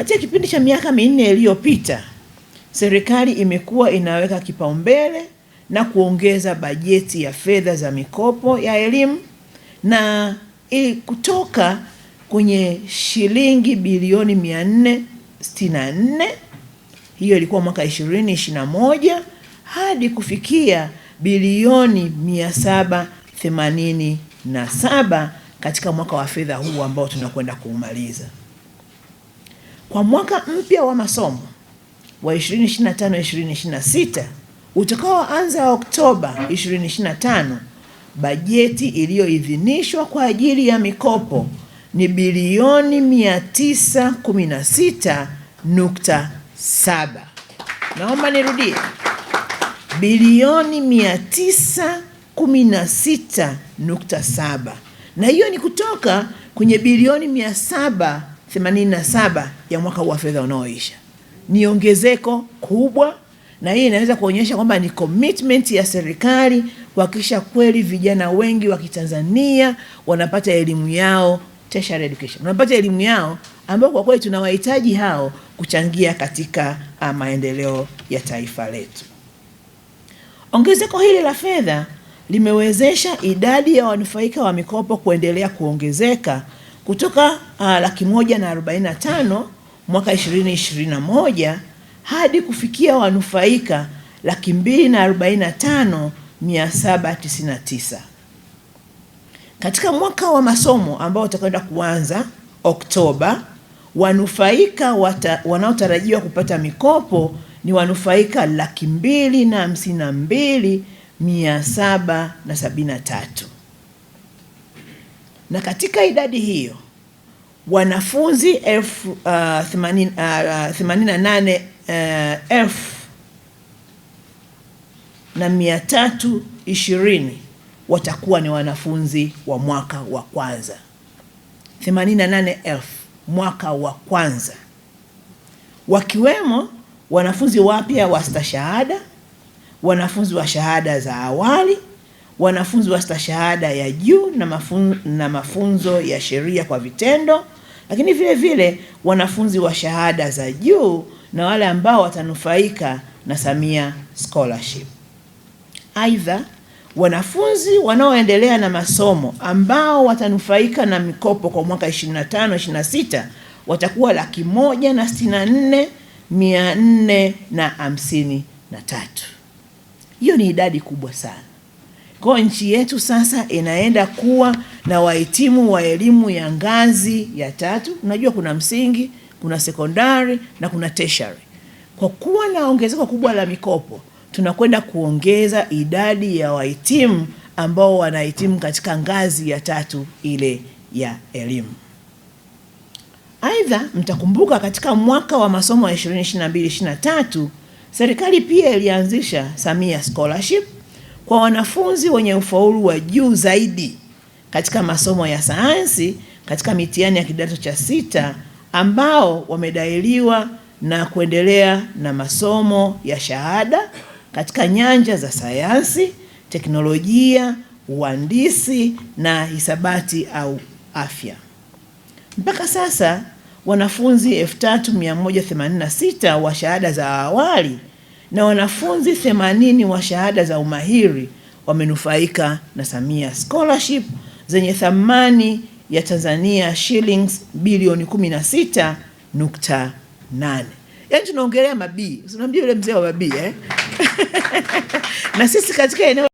Katika kipindi cha miaka minne iliyopita, serikali imekuwa inaweka kipaumbele na kuongeza bajeti ya fedha za mikopo ya elimu na kutoka kwenye shilingi bilioni 464 hiyo ilikuwa mwaka 2021 hadi kufikia bilioni 787 katika mwaka wa fedha huu ambao tunakwenda kuumaliza. Kwa mwaka mpya wa masomo wa 2025/2026 utakaoanza Oktoba 2025, bajeti iliyoidhinishwa kwa ajili ya mikopo ni bilioni 916.7. Naomba nirudie, bilioni 916.7, na hiyo ni kutoka kwenye bilioni 700 87 ya mwaka huu wa fedha unaoisha. Ni ongezeko kubwa, na hii inaweza kuonyesha kwamba ni commitment ya serikali kuhakikisha kweli vijana wengi wa Kitanzania wanapata elimu yao tertiary education, wanapata elimu yao ambayo kwa kweli tunawahitaji hao kuchangia katika ah, maendeleo ya taifa letu. Ongezeko hili la fedha limewezesha idadi ya wanufaika wa mikopo kuendelea kuongezeka kutoka uh, laki moja na arobaini na tano mwaka 2021 hadi kufikia wanufaika laki mbili na arobaini na tano mia saba tisini na tisa katika mwaka wa masomo ambao utakwenda kuanza Oktoba. Wanufaika wanaotarajiwa kupata mikopo ni wanufaika laki mbili na hamsini na mbili mia saba na sabini na tatu na katika idadi hiyo wanafunzi elfu uh, uh, uh, themanini na nane elfu na mia tatu ishirini watakuwa ni wanafunzi wa mwaka wa kwanza 88 mwaka wa kwanza, wakiwemo wanafunzi wapya wa stashahada, wanafunzi wa shahada za awali wanafunzi wa stashahada ya juu na mafunzo, na mafunzo ya sheria kwa vitendo, lakini vile vile wanafunzi wa shahada za juu na wale ambao watanufaika na Samia Scholarship. Aidha, wanafunzi wanaoendelea na masomo ambao watanufaika na mikopo kwa mwaka 25 26 watakuwa laki moja na sitini na nne mia nne na hamsini na tatu. Hiyo ni idadi kubwa sana. Kwa nchi yetu sasa inaenda kuwa na wahitimu wa elimu ya ngazi ya tatu. Unajua kuna msingi, kuna sekondari na kuna tertiary. Kwa kuwa na ongezeko kubwa la mikopo, tunakwenda kuongeza idadi ya wahitimu ambao wanahitimu katika ngazi ya tatu ile ya elimu. Aidha, mtakumbuka katika mwaka wa masomo wa 2022/2023 serikali pia ilianzisha Samia Scholarship kwa wanafunzi wenye ufaulu wa juu zaidi katika masomo ya sayansi katika mitihani ya kidato cha sita ambao wamedailiwa na kuendelea na masomo ya shahada katika nyanja za sayansi, teknolojia, uhandisi na hisabati au afya. Mpaka sasa wanafunzi 3186 wa shahada za awali na wanafunzi 80 wa shahada za umahiri wamenufaika na Samia Scholarship zenye thamani ya Tanzania shillings bilioni 16.8. Yaani tunaongelea mabii, usinambie yule mzee wa mabii eh? na sisi katika eneo